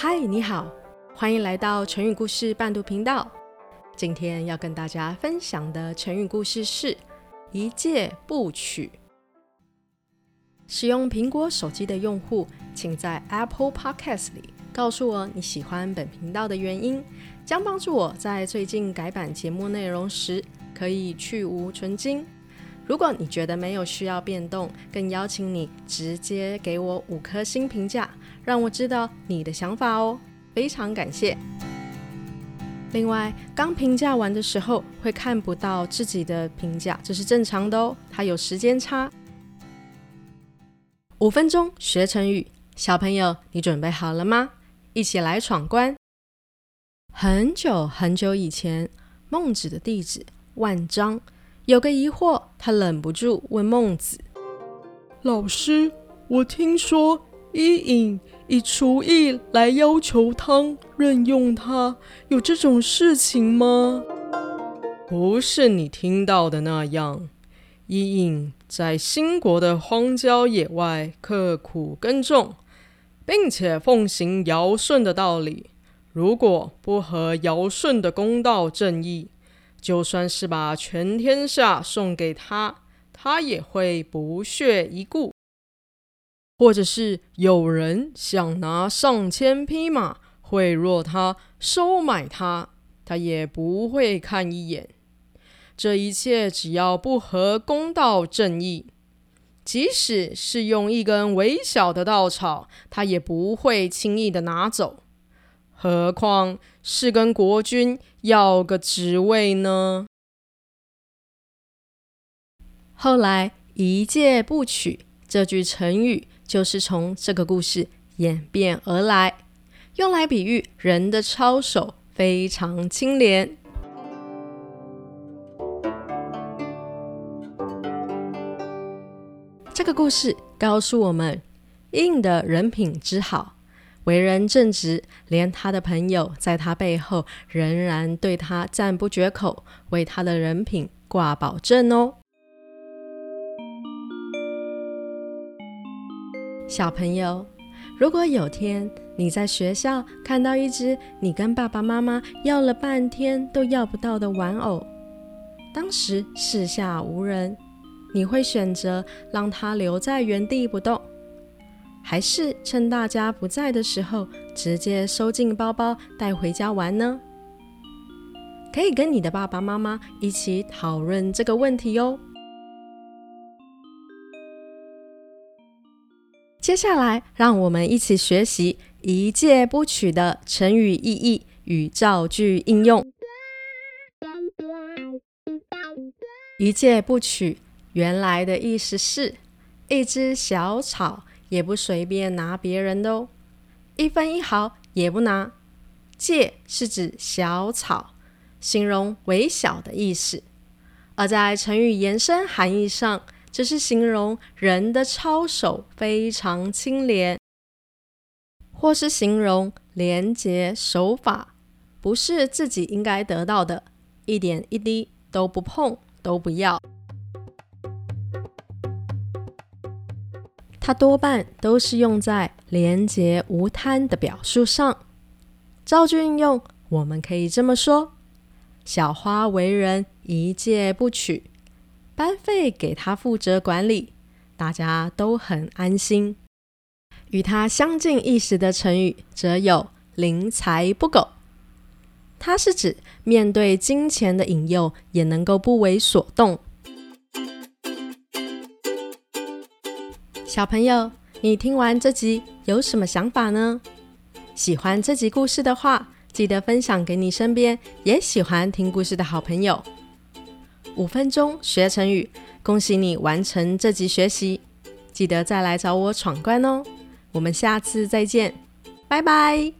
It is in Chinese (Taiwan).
嗨，你好，歡迎來到成語故事伴讀頻道。今天要跟大家分享的成語故事是“一介不取”。使用蘋果手機的用戶，請在 Apple Podcast 裡告訴我你喜歡本頻道的原因，將幫助我在最近改版節目內容時可以去蕪存菁。如果你覺得沒有需要變動，更邀請你直接給我五顆星評價。讓我知道你的想法哦，非常感謝。另外，剛評價完的時候會看不到自己的評價，這是正常的哦，它有時間差。五分鐘學成語，小朋友，你準備好了嗎？一起來闖關。很久很久以前，孟子的弟子萬章有個疑惑，他忍不住問孟子：“老師，我聽說。”伊尹以廚藝來要求湯任用他，有這種事情嗎？不是你聽到的那樣。伊尹在新國的荒郊野外刻苦耕種，並且奉行堯舜的道理。如果不合堯舜的公道正義，就算是把全天下送給他，他也會不屑一顧。或者是有人想拿上千匹馬賄賂他、收買他，他也不會看一眼。這一切只要不合公道正義，即使是用一根微小的稻草，他也不會輕易的拿走。何況是跟國君要個職位呢？後來“一介不取”這句成語。就是從這個故事演變而來，用來比喻人的操守非常清廉。這個故事告訴我們，伊尹的人品之好，為人正直，連他的朋友在他背後仍然對他讚不絕口，為他的人品掛保證哦。小朋友，如果有天你在學校看到一隻你跟爸爸媽媽要了半天都要不到的玩偶，當時四下無人，你會選擇讓它留在原地不動，還是趁大家不在的時候直接收進包包帶回家玩呢？可以跟你的爸爸媽媽一起討論這個問題哦。接下來，讓我們一起學習“一介不取”的成語意義與造句應用。嗯嗯嗯嗯嗯，“一介不取”原來的意思是一只小草也不隨便拿別人的哦，一分一毫也不拿。介是指小草，形容微小的意思。而在成語延伸含義上，只是形容人的操守非常清廉，或是形容廉潔守法，不是自己應該得到的，一點一滴都不碰，都不要。它多半都是用在廉潔無貪的表述上。造句運用，我們可以這麼說：小花為人一介不取。班費給他負責管理，大家都很安心。與他相近一時的成語，則有“臨財不苟”。它是指面對金錢的引誘，也能夠不為所動。小朋友，你聽完這集有什麼想法呢？喜歡這集故事的話，記得分享給你身邊也喜歡聽故事的好朋友。五分鐘學成語，恭喜你完成這集學習，記得再來找我闖關哦。我們下次再見，拜拜。